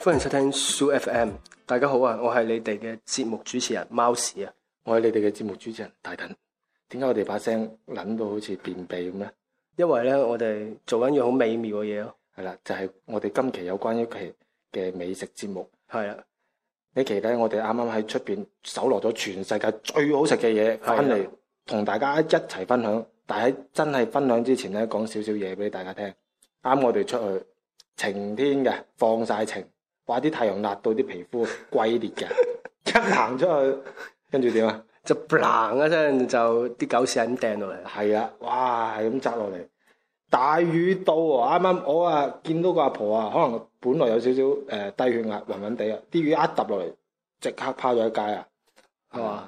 歡迎收聽 Soo FM，大家好啊！我係你哋嘅節目主持人貓史啊！我係你哋嘅節目主持人大躉。點解我哋把聲捻到好似便秘咁咧？因為咧，我哋做緊一樣好美妙嘅嘢咯。係啦，就係、是、我哋今期有關於期嘅美食節目。係啦的，期呢期咧，我哋啱啱喺出邊搜羅咗全世界最好食嘅嘢，翻嚟同大家一齊分享。但係真係分享之前咧，講少少嘢俾大家聽。啱我哋出去，晴天嘅，放晒晴，哇！啲太陽辣到啲皮膚龜裂嘅。 一行出去，跟住點啊？就嘭一聲，就啲狗屎咁掟落嚟。係啊！哇，咁扎落嚟。大雨到、哦，啱啱我啊見到個阿婆啊，可能本來有少少誒低血壓、啊，暈暈地啊。啲雨一揼落嚟，即刻趴咗喺街啊，係嘛、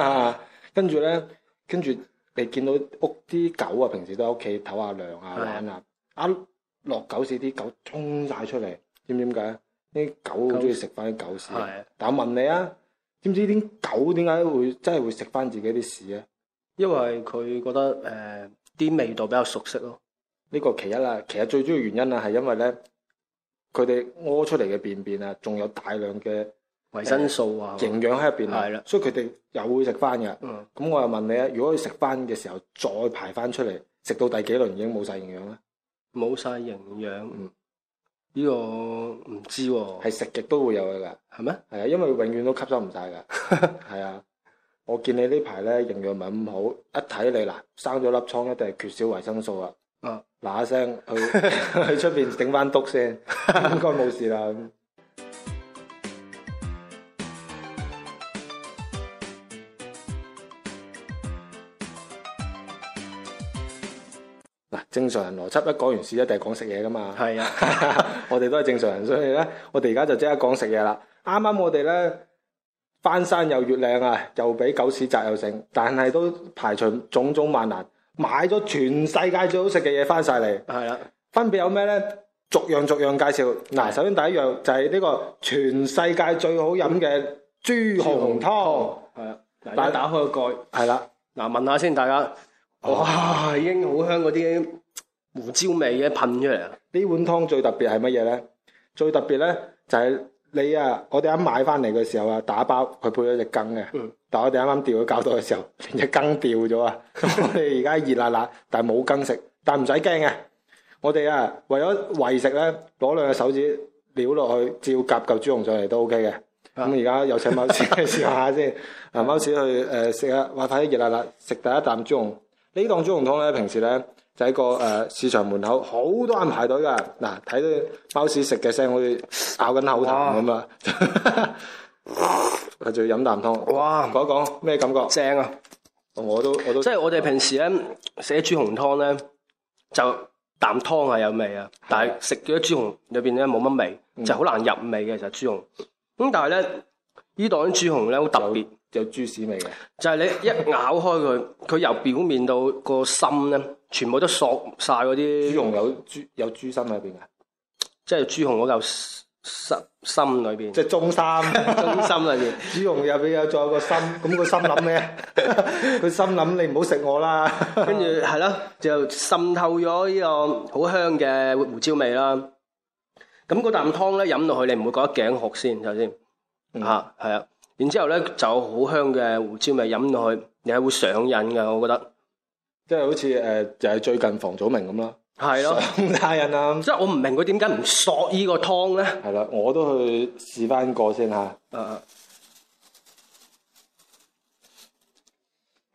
啊？跟住咧，跟住。你見到屋啲狗啊，平時都喺屋企唞下涼啊、玩啊的，一落狗屎啲狗衝晒出嚟，點點解？啲狗好中意食翻啲狗屎。但我問你啊，知唔知啲狗點解會真係會食翻自己啲屎咧？因為佢覺得誒啲、呃、味道比較熟悉咯。呢個其一啦，其實最主要原因啊係因為咧，佢哋屙出嚟嘅便便啊，仲有大量嘅，維生素啊，營養喺入邊啊，了所以佢哋又會食翻嘅。咁、嗯、我又問你啊，如果食翻嘅時候再排翻出嚟，食到第幾輪已經冇晒營養啦？冇晒營養。呢、嗯、個唔知、啊。係食極都會有噶。係咩嗎？係啊，因為永遠都吸收唔晒噶。係啊， 我見你呢排咧營養唔係咁好，一睇你嗱生咗粒瘡一定係缺少維生素啦。嗱 一聲去去出邊整翻篤先，應該冇事啦。 正常人邏輯一講完事一定係講食嘢噶嘛。係啊，我哋都係正常人，所以咧，我哋而家就即刻講食嘢啦。啱啱我哋咧翻山又越嶺啊，又俾狗屎砸又剩，但係都排除種種萬難，買咗全世界最好食嘅嘢翻晒嚟。係啊，分別有咩咧？逐樣逐樣介紹。嗱，是的 首先第一樣就係呢個全世界最好飲嘅豬紅湯。係啊，大家打開個蓋。係啦的，嗱，問下先大家。哇、哦，已經、啊、好香嗰啲。胡椒味嘅噴出嚟。呢碗湯最特別係乜嘢咧？最特別咧就係、是、你啊！我哋啱買翻嚟嘅時候啊，打包去配咗隻羹嘅。嗯、但係我哋啱啱掉咗膠袋嘅時候，連隻羹掉咗啊！ 我哋而家熱辣辣，但係冇羹食，但唔使驚嘅。我哋啊，為咗餵食咧，攞兩隻手指撩落去，照夾嚿豬紅上嚟都 OK 嘅。咁而家有請貓史試下先，貓史去誒食下，話！ 睇熱辣辣食第一啖豬紅。呢檔豬紅湯咧，平時咧。就喺個誒市場門口，好多人排隊噶。嗱，睇到貓屎食嘅聲，我哋咬緊口糖咁啊，係仲要飲啖湯。哇！講 一講咩哇感覺？正啊！我都我都即係我哋平時咧食豬紅湯咧，就啖湯係有味啊，是的但係食咗多豬紅裏邊咧冇乜味，嗯、就係好難入味嘅。其實豬紅咁，但係咧呢檔豬紅咧好特別，有豬屎味嘅，就係你一咬開佢，佢由表面到個心咧。全部都索晒嗰啲，豬紅有豬有豬心喺邊嘅，即係豬紅嗰嚿心心裏邊。即係中心，中心啊！豬紅入邊有仲有個心，咁個心諗咩？佢 心諗你唔好食我啦。 跟住係咯，就滲透咗呢個好香嘅胡椒味啦。咁嗰啖湯咧飲落去，你唔會覺得頸渴先，首先吓，係啊。然之後咧就好香嘅胡椒味飲落去，你係會上癮嘅，我覺得。即係好似誒，就係最近房祖名咁啦，係咯的，咁大人啊！即係我唔明佢點解唔索依個湯咧？係啦，我都去試翻個先吓。Uh,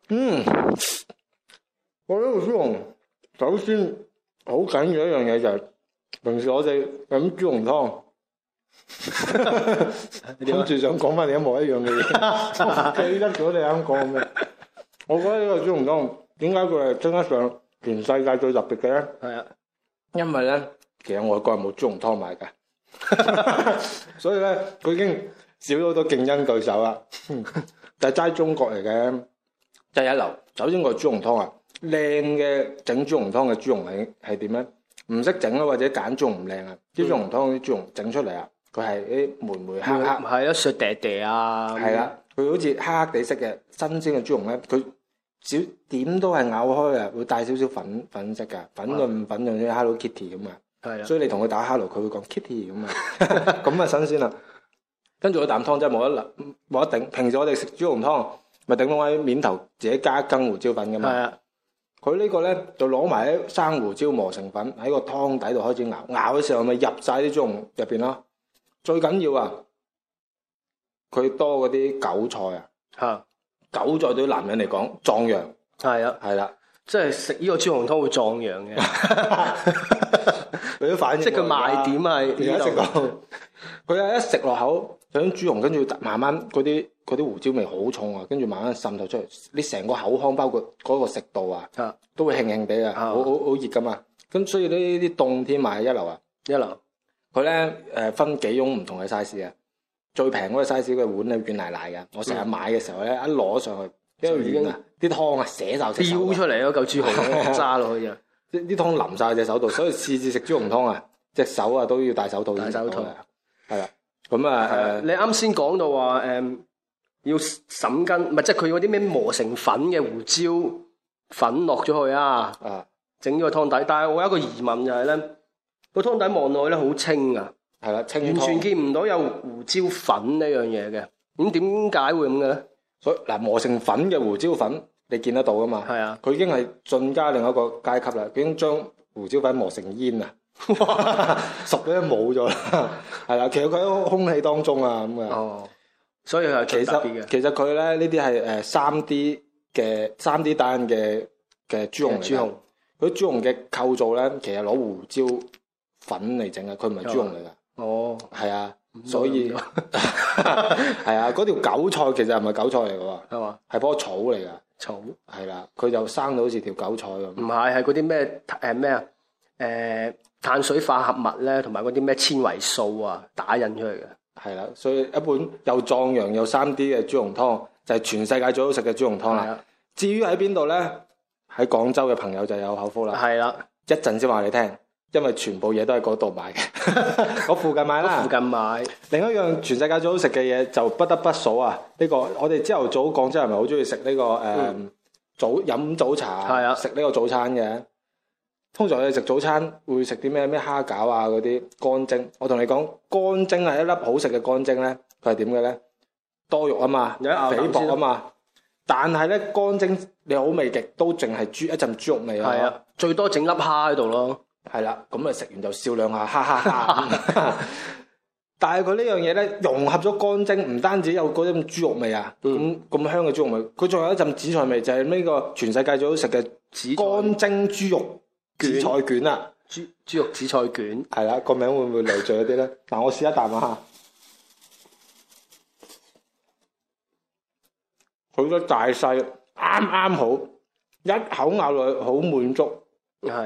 嗯，我覺得豬紅，首先好緊要一樣嘢就係、是，平時我哋飲豬紅湯，跟住、 啊、想講翻你一模一樣嘅嘢， 我記得咗你啱講咩？我覺得呢個豬紅湯。點解佢係稱得上全世界最特別嘅咧？係啊，因為咧，其實外國係冇豬紅湯賣嘅，所以咧佢已經少咗好多競爭對手啦。就係齋中國嚟嘅就一流，首先個豬紅湯啊，靚嘅整豬紅湯嘅豬紅係係點咧？唔識整啊，或者揀中唔靚啊？啲、嗯、豬紅湯啲豬紅整出嚟啊，佢係啲霉霉黒黒，唔係一雪地地啊，係啦，佢好似黑黑地色嘅新鮮嘅豬紅咧，佢。少點都係咬開呀，會帶少少粉粉色嘅，粉嫩粉嫩啲 Hello Kitty 咁啊，所以你同佢打 Hello，佢會講 Kitty 咁啊，咁啊新鮮啦。跟住個啖湯真係冇得冇得頂，平時我哋食豬紅湯咪頂到喺面頭，自己加羹胡椒粉㗎嘛是的。佢呢個咧就攞埋生胡椒磨成粉喺個湯底度開始咬，咬嘅時候咪入晒啲豬紅入面咯。最緊要啊，佢多嗰啲韭菜啊。酒在對男人嚟講壯陽，係、嗯、啊，係啦的，即係食呢個豬紅湯會壯陽嘅。佢反應，即係佢賣點係、這個，食講佢一食落口，嗰啲豬紅跟住慢慢嗰啲啲胡椒味好重啊，跟住慢慢滲透出嚟，你成個口腔包括嗰個食道啊，都會輕輕地啊，好好好熱噶嘛。咁所以呢啲凍天賣一流啊，一流。佢咧誒分幾種唔同嘅 size 啊。最平嗰個 size 嘅碗啊，軟奶奶嘅，我成日買嘅時候咧，一攞上去，因為已經啊啲湯啊瀉晒，飄出嚟嗰嚿豬紅，揸落去啊！啲湯淋曬隻手度，所以次次食豬紅湯啊，隻手啊都要戴手套。戴手套，係啦，咁啊，係啊、嗯，你啱先講到話誒，要沈根，唔係即係佢嗰啲咩磨成粉嘅胡椒粉落咗去啊，整咗個湯底。但係我有一個疑問就係、係、咧，個湯底望落去咧好清啊。係啦，是清完全見唔到有胡椒粉樣呢樣嘢嘅。咁點解會咁嘅咧？所以嗱，磨成粉嘅胡椒粉，你見得到噶嘛？係啊的，佢已經係進加另一個階級啦。已經將胡椒粉磨成煙啊！哇，十幾 都冇咗啦。係啦， 其實佢喺空氣當中啊，咁啊。哦，所以係其實其實佢咧呢啲係誒三 D 嘅三 D 單嘅嘅豬紅豬紅，佢豬紅嘅構造咧，其實攞胡椒粉嚟整嘅，佢唔係豬紅嚟噶。哦，係啊，用所以係用 啊，嗰條韭菜其實唔係韭菜嚟嘅，係嘛嗎，係棵草嚟噶，草係啦，佢、啊、就生到好似條韭菜咁。唔係，係嗰啲咩誒咩啊，誒、呃、碳水化合物咧，同埋嗰啲咩纖維素啊，打印出嚟嘅。係啦、啊，所以一碗又壯陽又三 D 嘅豬紅湯，就係、是、全世界最好食嘅豬紅湯啦。啊、至於喺邊度咧，喺廣州嘅朋友就有口福啦。係啦、啊，一陣先話你聽。因為全部嘢都喺嗰度買嘅， 我附近買啦。附近買。另一樣全世界最好食嘅嘢就不得不數啊！呢個我哋朝頭早廣州人咪好中意食呢個誒、嗯嗯、早飲早茶，是啊，食呢個早餐嘅。通常你哋食早餐會食啲咩咩蝦餃啊嗰啲乾蒸。我同你講乾蒸係一粒好食嘅乾蒸咧，佢係點嘅咧？多肉啊嘛，肥薄啊嘛。知但係咧乾蒸你好味極都淨係豬一陣豬肉味啊，是啊吧最多整粒蝦喺度咯。係啦，咁啊食完就笑兩下，哈哈哈，哈！ 但係佢呢樣嘢咧，融合咗乾蒸，唔單止有嗰種豬肉味啊，咁咁香嘅豬肉味，佢仲有一陣紫菜味，就係、是、呢個全世界最好食嘅乾蒸豬肉紫菜，紫菜卷啦、啊。豬豬肉紫菜卷，係啦，個名會唔會累贅一啲咧？嗱， 我試一啖啊！嚇，佢嘅大細啱啱好，一口咬落去好滿足。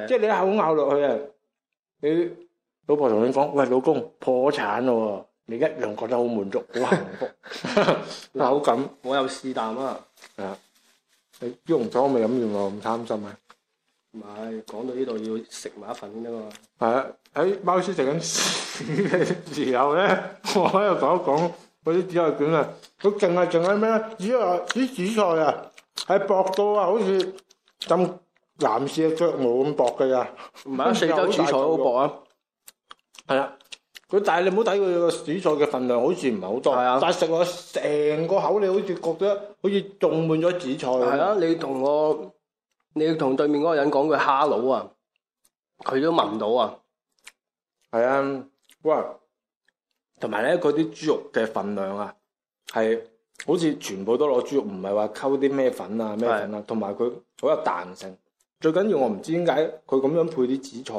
即係你一口咬落去啊！你老婆同你講，喂，老公破產咯，你一樣覺得好滿足，好幸福。口感我有試啖啊。係啊，你用咗未飲完我咁貪心啊？唔係，講到呢度要食埋一份啫嘛。係啊，喺貓史食緊屎嘅時候咧，我喺度講一講嗰啲紫菜卷啊，佢淨係淨係咩？紫菜啲紫菜啊，係薄到啊，好似浸。男士嘅腳冇咁薄嘅咋。唔係啊，四周紫菜好薄啊，係啊，佢、啊啊、但係你唔好睇佢個紫菜嘅份量，好似唔係好多，啊、但係食落成個口你好似覺得好似種滿咗紫菜。係啊，你同我，你同對面嗰個人講句哈佬啊，佢都聞唔到啊，係啊，哇，同埋咧嗰啲豬肉嘅份量啊，係好似全部都攞豬肉，唔係話溝啲咩粉啊咩粉啊，同埋佢好有彈性。最緊要，我唔知點解佢咁樣配啲紫菜，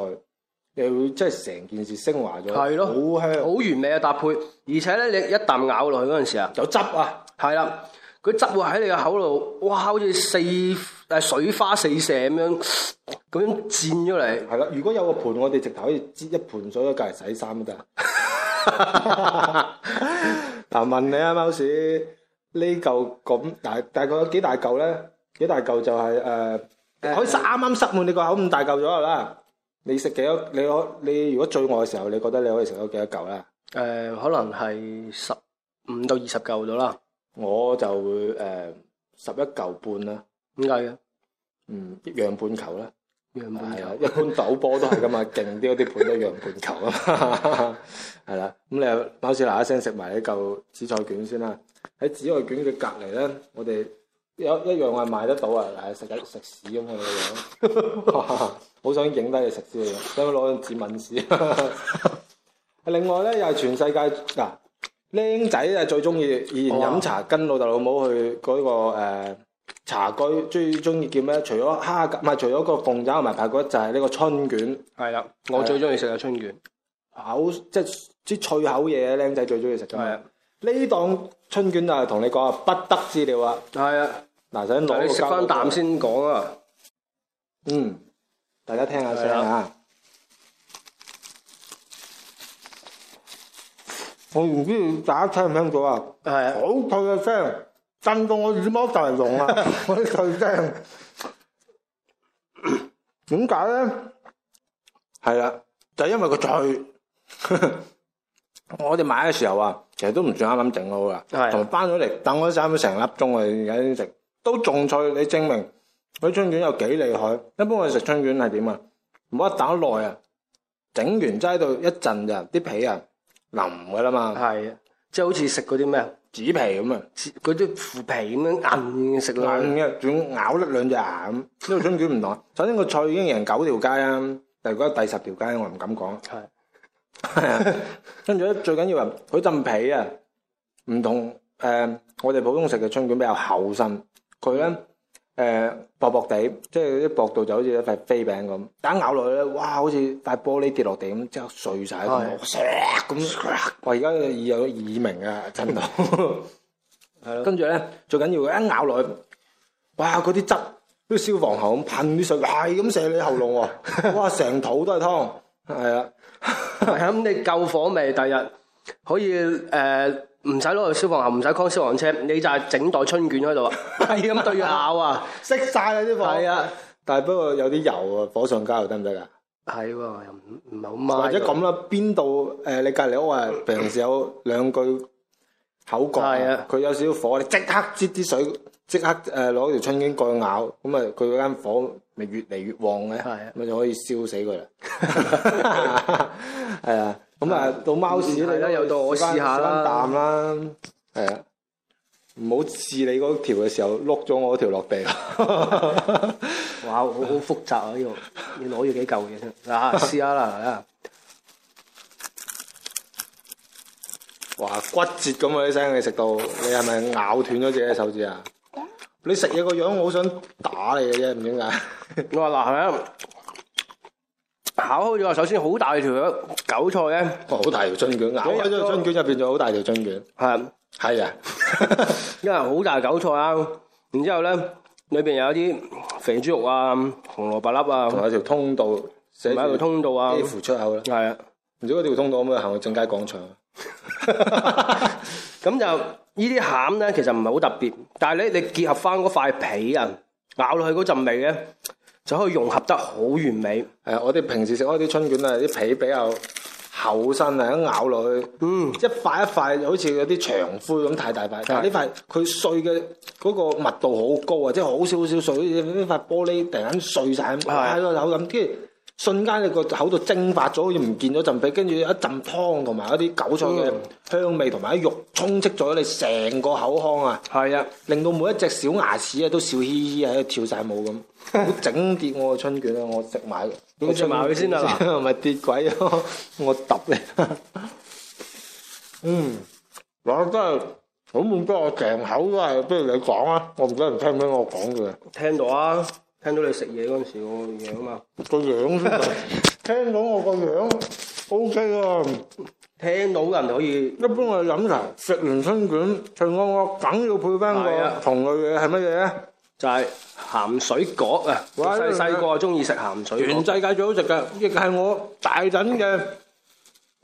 又會真係成件事升華咗，好香的，好是完美嘅搭配。而且咧，你一啖咬落去嗰陣時啊，有汁啊，係啦，佢汁會喺你個口度，哇，好似四誒水花四射咁樣，咁濺出嚟。係啦，如果有個盤，我哋直頭可以接一盤水嚟洗衫都得。嗱， 問你啊，貓史，呢嚿咁大大概有幾大嚿咧？幾大嚿就係、是、誒。呃呃、可以剛剛塞啱啱塞滿你個口咁大嚿咗啦！你食幾多？你可你，你如果最餓嘅時候，你覺得你可以食到幾多嚿啦誒，可能係十五到二十嚿咗啦。我就會誒、呃、十一嚿半啦。點解呀？嗯，一樣半球啦。一樣半球。一般賭波都係咁啊，勁啲嗰啲盤一樣半球啊。係啦， 咁你貓史嗱一聲食埋呢嚿紫菜卷先啦。喺紫菜卷嘅隔籬咧，我哋。有一樣我係買得到啊！嗱，食雞食屎咁嘅樣，好、 哦、想影低你食屎嘅樣，想攞張紙抿屎。 另外咧又係全世界嗱，僆仔啊最中意，以前飲茶、哦、跟老豆老母去嗰、那個誒、啊、茶居最中意叫咩？除咗蝦唔係除咗個鳳爪同埋排骨，就係呢個春卷。係啦，我最中意食嘅春卷，的口即即脆口嘢，僆仔最中意食嘅。呢檔春卷啊，同你講啊，不得之了啊。係的啊，嗱，使攞個膠袋。你食翻啖先講啊。嗯，大家聽，聽，的聽下聲啊。的我唔知大家聽唔聽到啊。係啊的。好脆嘅聲，震到我耳膜就係聾啊！我啲脆聲。點解咧？係啦，就因為個脆。 我哋買嘅時候啊。其實都唔算啱啱整好啦，同埋翻咗嚟等咗差唔多成粒鐘啊，而家先食。都仲脆，你證明佢春卷又幾厲害。一般我哋食春卷係點啊？唔好一打耐啊，整完齋到一陣就啲皮啊腍噶啦嘛。係啊，即係好似食嗰啲咩紙皮咁啊，嗰啲腐皮咁樣硬嘅食咯。硬嘅仲咬甩兩隻牙咁。呢個春卷唔同， 首先個菜已經贏九條街啦，但係如果第十條街我唔敢講。跟住咧， 最緊要啊，佢浸皮啊，唔同誒，我哋普通食嘅春捲比較厚身，佢咧誒薄薄地，即係啲薄度就好似一塊飛餅咁，一咬落去咧，哇，好似塊玻璃跌落地咁，即刻碎晒喺度，咁我而家耳有耳鳴啊， 震到，係啦，跟住咧最緊要佢一咬落去，哇，嗰啲汁好似消防喉咁噴啲水，係、哎、咁射你喉嚨喎、啊，哇，成肚都係湯，係啊。咁 你救火未？第日可以誒唔使攞去消防喉，唔使 CALL 消防車，你就係整袋春卷喺度啊！係咁 對咬啊，熄晒啊啲火！係啊，但係不過有啲油啊，火上加油得唔得噶？係喎、啊，又唔唔好猛。或者咁啦，邊度誒？你隔籬屋啊，平時有兩句。口角啊，佢有少少火，你即刻擠啲水，即刻誒攞條春經過去咬，咁啊佢嗰間火咪越嚟越旺嘅，咪就可以燒死佢啦。係啊，咁啊到貓屎你啦，又到我試下啦，啖啦，係啊，唔好試你嗰條嘅時候碌咗我嗰條落地。哇，好好複雜啊！呢個要攞要幾嚿嘢先啊，試下啦，嚟啊！哇，骨折咁啊啲聲，你食到你係咪咬斷咗隻手指啊？你食嘢個樣，我好想打你嘅啫，唔應該。我話嗱，係咪啊，考好咗啊！首先好大條韭菜啊，好、哦、大條春卷，咬開咗春卷入邊，就好大條春卷。係係啊，的因為好大韭菜啊，然之後咧裏邊有啲肥豬肉啊、紅蘿蔔粒啊，仲有條通道，買條通道啊，A 乎出口啦。係啊，唔的知嗰條通道可唔可以行去正佳廣場。咁 就餡，呢啲餡咧，其實唔係好特別，但係咧，你結合翻嗰塊皮啊，咬落去嗰陣味咧，就可以融合得好完美。係啊，我哋平時食開啲春卷啊，啲皮比較厚身啊，一咬落去，嗯，一塊一塊，好似有啲長灰咁，太大塊。但係呢塊，佢碎嘅嗰個密度很高，就是，好高啊，即係好少少碎，呢塊玻璃突然間碎晒咁。喺啊的，係啊，有咁瞬間你個口度蒸發咗，好似唔見咗陣味，跟住一陣湯同埋一啲韭菜嘅香味，同埋啲肉充斥咗你成個口腔啊！係啊的，令到每一隻小牙齒啊都笑嘻嘻喺度跳晒舞咁，好 整跌我個春卷啊！我食埋吃， 我食埋佢先啊！唔咪跌鬼啊！我揼你，嗯，我都係好唔多我成口都係！不如你講啊，我唔知你聽唔聽我講嘅，聽到啊。聽到你食嘢嗰陣時我個樣啊嘛，個樣先聽到我個樣 O、OK、K 啊，聽到人就可以。一般我飲茶食完春卷，除我我梗要配返個同類嘅係乜嘢咧？就係、是、鹹水角啊！細細個中意食鹹水角，水果全世界最好食嘅，亦係我大躉嘅。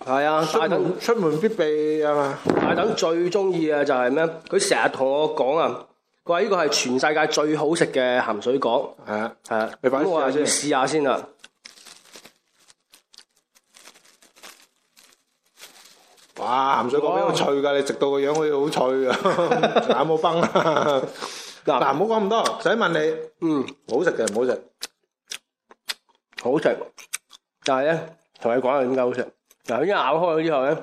係啊，大躉出門，出門必備啊嘛？大躉最中意嘅就係、是、咩？佢成日同我講啊。喂，呢個係全世界最好食嘅鹹水角。係啊，係啊。咁我話要試一下先啦。哇！鹹水角好脆㗎？你食到個樣好似好脆啊，眼冇崩。啊！嗱唔好講咁多，想問你，嗯，好食定唔好食？好食，但係咧，同你講係點解好食？嗱，一咬開咗之後咧，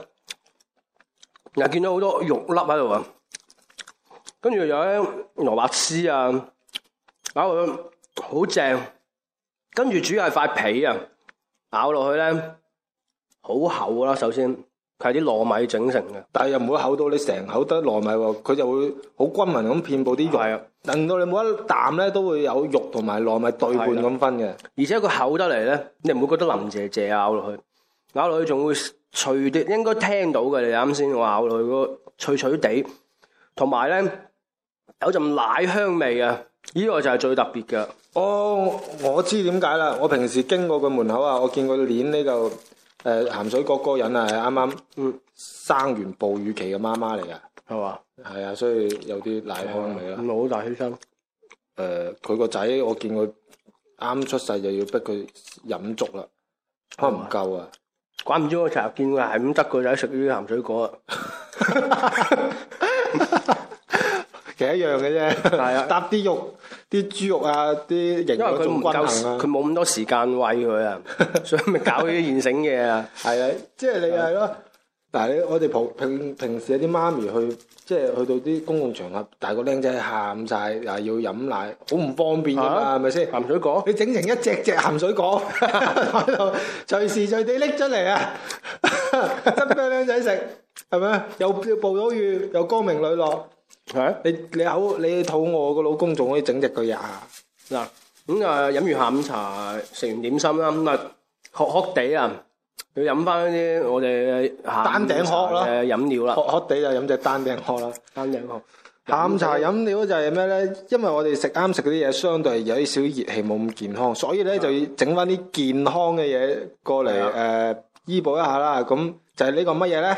又見到好多肉粒喺度啊。跟住有咧蘿蔔絲啊，咬落去好正。跟住主要係塊皮啊，咬落去咧好厚啦。首先佢係啲糯米整成嘅，但係又唔會厚到你成口得糯米喎。佢就會好均勻咁遍佈啲肉，係啊的，令到你每一啖咧都會有肉同埋糯米對半咁的分嘅。而且佢厚得嚟咧，你唔會覺得腍謝謝咬落去，咬落去仲會脆啲。應該聽到嘅，你啱先話咬落去個脆脆地，同埋咧。有陣奶香味啊，呢、這個就係最特別嘅。哦，我知點解啦。我平時經過佢門口啊，我見、這個鏈呢度誒鹹水角嗰個人啊，啱啱生完哺乳期嘅媽媽嚟嘅，係嘛吧？係啊，所以有啲奶香味啊。老、嗯、大氣粗。誒、呃，佢個仔我見佢啱出世就要逼佢飲粥啦，可能唔夠啊。怪唔知，我成日見佢係咁執個仔，食呢啲鹹水角啊。 其實一樣嘅啫，搭啲肉、啲豬肉啊、啲營養均衡啊，佢冇咁多時間餵佢啊，所以咪搞啲現成嘢啊。係啊，即係你係咯。但係我哋平平平時有啲媽咪去，即係去到啲公共場合，大個僆仔喊晒，又要飲奶，好唔方便噶嘛，係咪先？鹹水果，你整成一隻隻鹹水果喺度，隨時隨地拎出嚟啊，執俾靚仔食，係咪？又要暴到雨，又光明磊落。你你好你肚餓，個老公仲可以整隻佢呀。嗱，咁啊，飲完下午茶食完點心啦，咁啊，渴渴地啊，要飲翻啲我哋下午茶嘅飲料啦。渴渴地就飲隻丹頂鶴啦，丹頂鶴下午茶飲料，料就係咩咧？因為我哋食啱食嗰啲嘢相對有啲少熱氣，冇咁健康，所以咧的就要整翻啲健康嘅嘢過嚟，誒彌補一下啦。咁就係呢個乜嘢咧？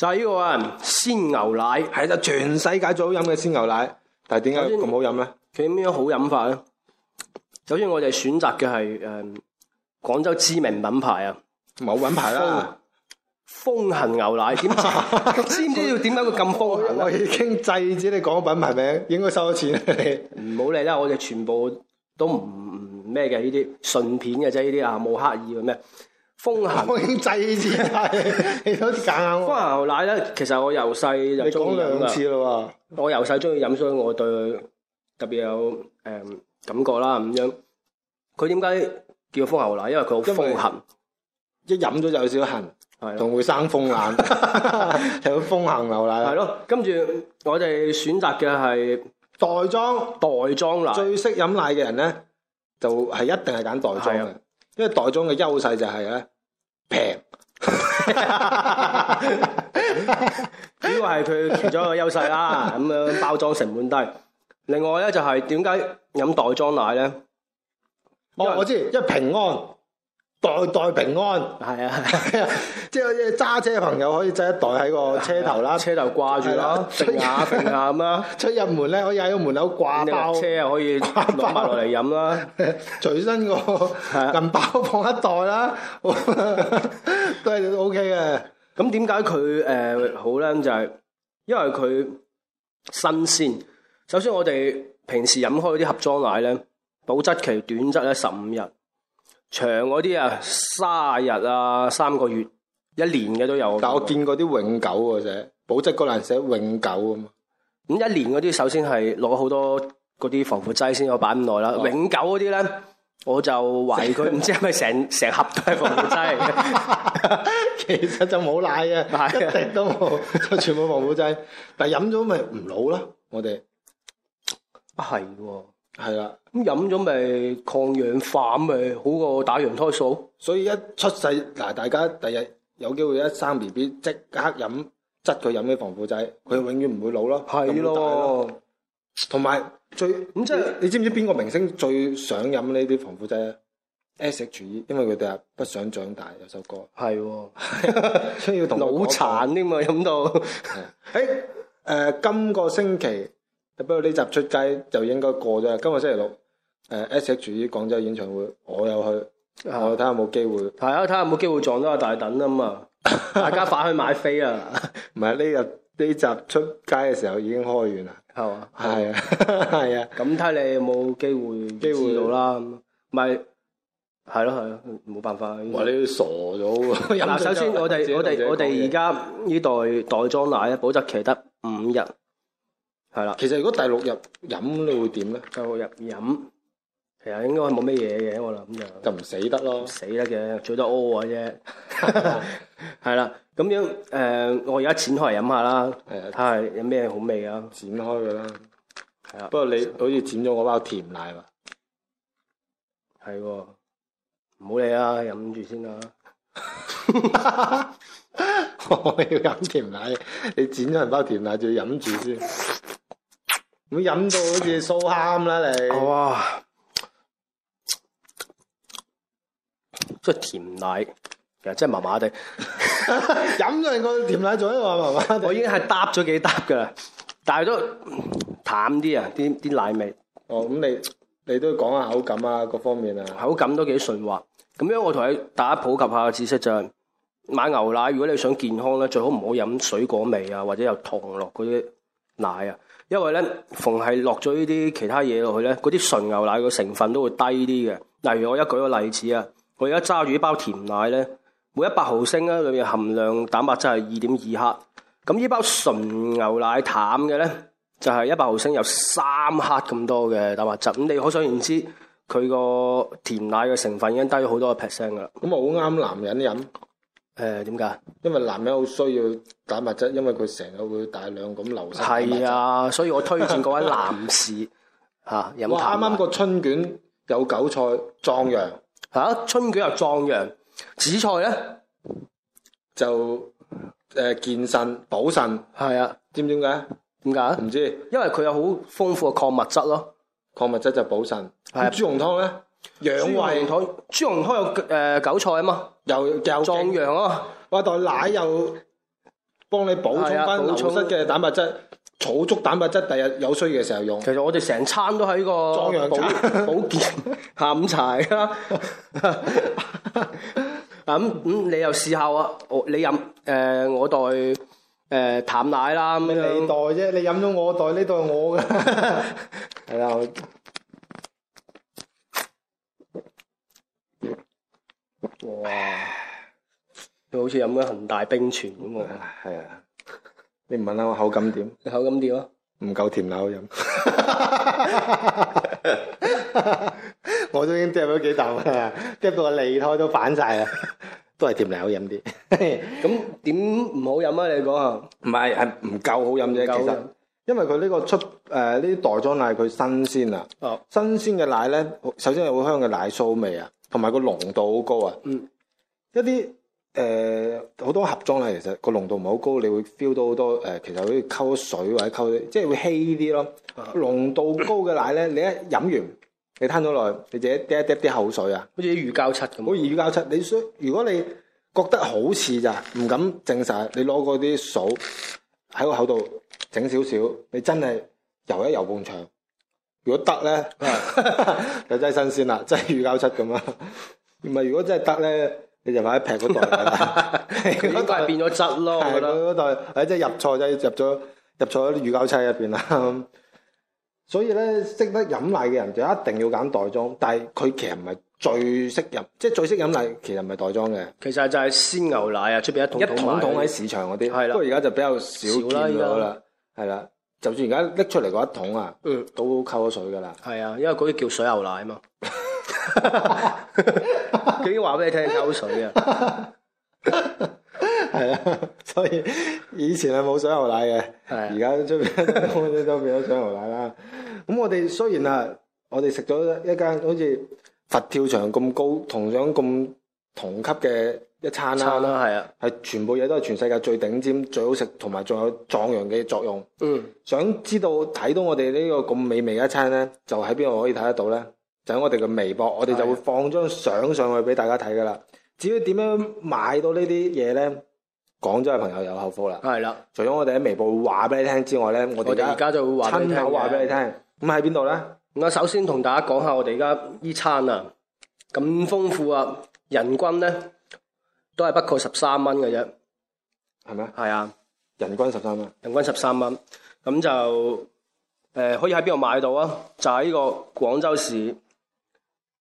就係呢個啊，鮮牛奶係一隻全世界最好飲嘅鮮牛奶，但係點解咁好飲咧？佢有咩好飲法咧？首先我哋選擇嘅係誒廣州知名品牌啊，冇品牌啦風，風行牛奶。點知唔 知要點解佢咁風行？ 我已經制止你講品牌名，應該收咗錢了。唔好理啦，我哋全部都唔唔咩嘅呢啲，順片嘅啫呢啲啊，冇刻意嘅咩。什麼的。風行劑之奶，你攞啲夾硬喎。風牛奶咧，其實我由細就中意飲噶。我由細中意飲所以我對特別有誒感覺啦咁樣。佢點解叫風牛奶？因為佢好風行，一飲咗就有少痕，仲會生風眼，係叫風行牛奶。係咯，跟住我哋選擇嘅係袋裝袋裝啦。最識飲奶嘅人咧，就係一定係揀袋裝嘅，因為袋裝嘅優勢就係咧。平，呢個係佢除咗一個優勢啦，咁樣 包裝成本低。另外呢，就係點解飲袋裝奶呢？我，我知道，因為平安。代代平安，係啊，即係揸車嘅朋友可以揸一袋喺個車頭啦，啊，車頭掛住啦，平、啊、下平啊咁啦，出入，出入門咧可以喺個門口掛包，車又可以攞翻落嚟飲啦，隨掛包 身個銀包放一袋啦，啊、 都係 O K 嘅。咁點解佢誒好咧？就係、是、因為佢新鮮。首先，我哋平時飲開啲盒裝奶咧，保質期短則咧十五日。長嗰啲啊，卅日啊，三個月、一年嘅都有。但我見過啲永久嘅啫，保質嗰欄寫永久吖嘛。咁一年嗰啲，首先係攞好多嗰啲防腐劑，先我擺咁耐啦。永久嗰啲咧，我就懷疑佢，唔整個 知係咪成成盒都係防腐劑。 其實就冇奶嘅，是啊、一滴都冇，就全部防腐劑。但係飲咗咪唔老啦？我哋，唔係喎。係啦，咁飲咗咪抗氧化咁咪好過打羊胎素，所以一出世嗱，大家第日有機會一生 B B 即刻飲，執佢飲啲防腐劑，佢永遠唔會老咯。係咯的，同埋最咁即係，就是、你知唔知邊個明星最想飲呢啲防腐劑 S H E，因為佢哋係不想長大有首歌。係的， 需要同腦殘添嘛？飲到，誒，誒、呃，今個星期。不過呢集出街就應該過啫。今日星期六，S.H.E 廣州演唱會，我有去，我睇下有冇機會。係啊，睇下有冇機會撞到阿大躉啊嘛！大家快去買飛啊！唔係呢日呢集出街嘅時候已經開完啦，係嘛？係啊，係啊。咁睇你有冇機會？機會到啦，唔係，係咯係咯，冇辦法。話你傻咗？嗱，首先我哋我哋我哋而家呢袋袋裝奶咧，保質期得五日。係啦，其實如果第六日飲你會點咧？第六日飲，其實應該係冇乜嘢嘅，我諗就就唔死得咯，死得嘅，最多屙啊啫。係啦， 咁樣誒、呃，我而家剪開嚟飲下啦，睇下，的有咩好味啊！剪開嘅啦，係啊了。不過你好似剪咗我包甜奶嘛？係，唔好理啦，飲住先啦。 我要飲甜奶，你剪咗人包甜奶仲要飲住先。唔飲到好似蘇喊啦你、哦啊！哇，即係甜奶，其實真係麻麻地。飲咗 個甜奶嘴一，我麻麻我已經係嗒咗幾嗒嘅，但係都淡啲啊，啲啲奶味。哦，咁你你都要講下口感啊，各方面啊。口感都幾順滑。咁樣我同你大家普及下知識就係、是、買牛奶，如果你想健康咧，最好唔好飲水果味啊，或者有糖落嗰啲奶啊。因為咧，逢係落咗呢啲其他嘢落去咧，嗰啲純牛奶個成分都會低啲嘅。例如我一舉一個例子啊，我而家揸住一包甜奶咧，每一百毫升咧裏面含量蛋白質係二點二克。咁呢包純牛奶淡嘅咧，就係一百毫升有三克咁多嘅蛋白質。咁你可想而知，佢個甜奶嘅成分已經低咗好多個 percent 噶啦。咁我好啱男人飲。誒，點解？因為男人好需要蛋白質，因為佢成日會大量咁流失蛋白質。係啊，所以我推薦各位男士吓、 啊，有冇啱啱個春卷有韭菜壯陽。吓、嗯啊，春卷又壯陽，紫菜咧就、誒、呃、健腎補腎。係啊，知唔知點解？點解？唔知。因為佢有好豐富嘅礦物質咯。礦物質就補腎。係、啊。豬紅湯咧，養胃。湯，豬紅湯有誒韭菜啊嘛。又又壯陽咯，我袋奶又幫你補充翻流失嘅蛋白質，儲足蛋白質，第日有需要嘅時候用。其實我哋成餐都喺個壯陽餐，保健下午茶啦。咁咁，你又試下啊？我你飲誒，我袋誒淡奶啦，咁你袋啫，你飲咗我袋，呢袋我嘅係啦。哇！你好似飲咗恒大冰泉咁啊！係啊，你唔問下我口感點？口感點啊？唔夠甜奶好飲。我都已經執咗幾啖啦，執到個脷胎都反晒啦，都係甜奶好飲啲。咁點唔好飲啊？你講啊？唔係，係唔夠好飲啫。其實因為佢呢個出誒呢啲袋裝奶，佢新鮮啊。哦。新鮮嘅奶咧，首先係好香嘅奶酥味啊。同埋個濃度好高啊！嗯、一啲誒好多盒裝啊，其實個濃度唔係好高，你會 feel 到好多、呃、其實好似溝水或者溝，即係會稀啲咯。嗯、濃度高嘅奶咧，你一飲完，你吞咗落去，你自己嗒一嗒啲口水啊，好似乳膠漆咁。好似乳膠漆，你需如果你覺得好似咋，唔敢證晒，你攞嗰啲數喺個口度整少少，你真係游一游半場。如果得咧， 就真新鮮啦，真係乳膠漆咁啊！唔係如果真係得咧，你就買喺劈嗰袋啦。咁又係變咗質咯，我覺得係咯，但、就、誒、是，即係入錯，即入咗入錯啲乳膠漆入邊啦。 所以咧，識得飲奶嘅人就一定要揀袋裝，但係佢其實唔係最識飲，即、就、係、是、最識飲奶其實唔係袋裝嘅。其實就係鮮牛奶啊，出邊一桶一桶喺市場嗰啲，不過而家就比較少見咗啦，係啦。就算而家拎出嚟嗰一桶啊，都溝咗水噶啦。係、嗯、啊，因為嗰啲叫水牛奶啊嘛，佢已經話俾你聽溝水啊，係 啊，所以以前係冇水牛奶嘅，而家、啊、都變咗水牛奶啦。咁我哋雖然啊，我哋食咗一間好似佛跳牆咁高，同樣咁同級嘅。一餐啦，係啊，係、啊啊、全部嘢都係全世界最頂尖、最好食，同埋仲有壯陽嘅作用。嗯，想知道睇到我哋呢個咁美味嘅一餐呢，就喺邊度可以睇得到呢？就喺我哋嘅微博，啊、我哋就會放張相上去俾大家睇噶啦。至於點樣買到呢啲嘢呢？廣州嘅朋友有口福啦。係啦、啊，除咗我哋喺微博會話俾你聽之外、啊、呢，我哋而家就親口話俾你聽。咁喺邊度呢？我首先同大家講下我哋而家呢餐啊咁豐富啊，人均呢。都係不過十三蚊嘅啫，係咪啊？係啊，人均十三蚊，人均十三蚊，咁就誒、呃、可以喺邊度買到啊？就喺、是、呢個廣州市誒、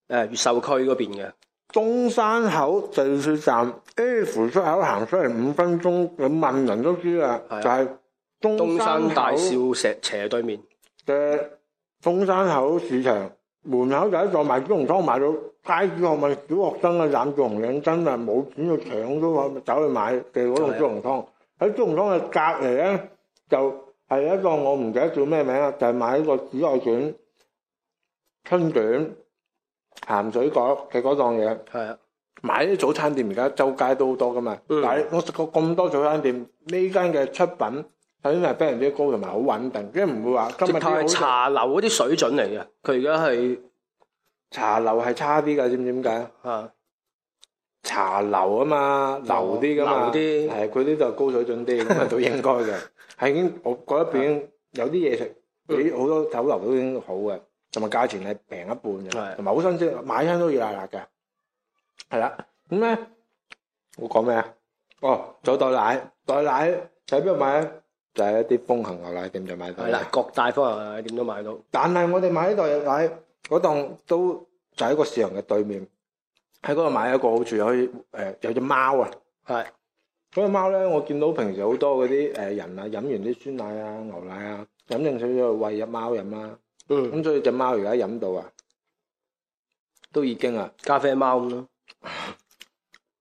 呃、越秀區嗰邊嘅東山口地鐵站 F 出口行出嚟五分鐘，咁問人都知啦，是的就係中山大少石斜對面嘅東山口市場。門口就喺度賣豬紅湯，賣到街市後面小學生嘅攬住紅領巾啊，冇錢就搶咗，走去買嘅嗰度豬紅湯。喺豬紅湯嘅隔籬咧，就係、是、一個我唔記得叫咩名啊，就係、是、賣一個紫菜卷、春卷、鹹水角嘅嗰檔嘢。係啊的，買啲早餐店而家周街都好多噶嘛。但係、嗯、我食過咁多早餐店，呢間嘅出品。係因為非常之高同埋好穩定，即係唔會話。即係茶樓嗰啲水準嚟嘅，佢而家係茶樓係差啲噶，知唔知點解？啊、嗯，茶樓啊嘛，樓啲噶嘛，係佢呢度高水準啲，咁啊都應該嘅。係已經，我覺得邊有啲嘢食，比好、嗯、多酒樓都已經好嘅，同埋價錢係平一半，嘅、嗯，同埋好新鮮，買親都要辣辣嘅。係啦，咁、嗯、咧我講咩啊？哦，早袋奶，袋奶喺邊度買啊？嗯就係一啲風行牛奶店就買到，係，啦，各大風行牛奶店都買到。但係我哋買呢袋奶，嗰檔都就喺個市場嘅對面，喺嗰度買一個好處，可以誒有隻貓啊，係的，嗰隻貓咧，我見到平時好多嗰啲誒人啊，飲完啲酸奶啊、牛奶啊，飲定水之後餵隻貓飲啦，飲嗯，咁所以隻貓而家飲到啊，都已經啊咖啡貓咁咯。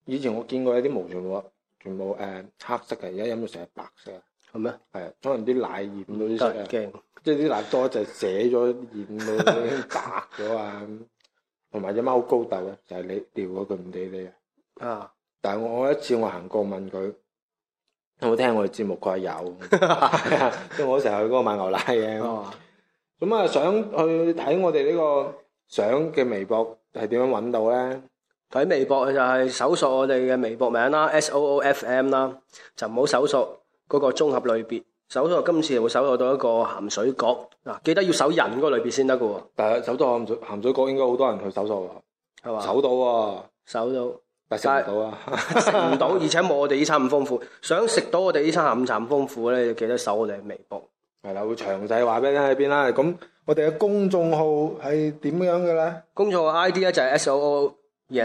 以前我見過有啲毛全部全部誒黑色嘅，而家飲到成日白色。係咩？係啊，可能啲奶染到啲色啊，即係啲奶多就寫咗染到白咗啊！同埋隻貓好高竇嘅，就係你撩咗佢唔理你啊！啊！但係我一次我行過問佢有冇聽我嘅節目，佢話有。即係我成日去嗰度買牛奶嘅。咁啊，想去睇我哋呢個相嘅微博係點樣搵到咧？睇微博就係搜索我哋嘅微博名啦，S O O F M 啦，就唔好搜索。嗰個綜合類別，搜索今次會搜索到一個鹹水角。嗱、啊，記得要搜人嗰個類別先得嘅喎。但係搜到鹹水鹹水角應該好多人去搜索喎，係嘛嗎？搜到喎，搜到，但係食唔到啊！食唔到，而且冇我哋呢餐咁豐富。想食到我哋呢餐下午茶咁豐富咧，要記得搜我哋嘅微博。係啦，會詳細話俾你喺邊啦。咁我哋嘅公眾號係點樣嘅咧？公眾號 I D 咧就係 S O O 一一一一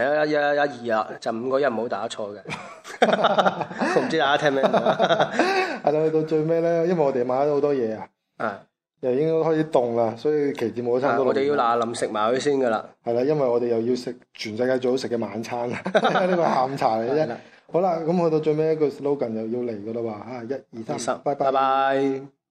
一二啊，就五個一唔好打錯嘅。 我唔 知大家聽咩啦，係啦，去到最尾咧，因為我哋買咗好多嘢啊，又應該開始凍啦，所以期志冇參加。我哋要嗱嗱臨食埋佢先噶啦，係啦，因為我哋又要食全世界最好食嘅晚餐啦，呢個下午茶嚟啫。的好啦，咁去到最尾一個 slogan 又要嚟噶啦嘛，吓，一二三，拜拜拜。Bye bye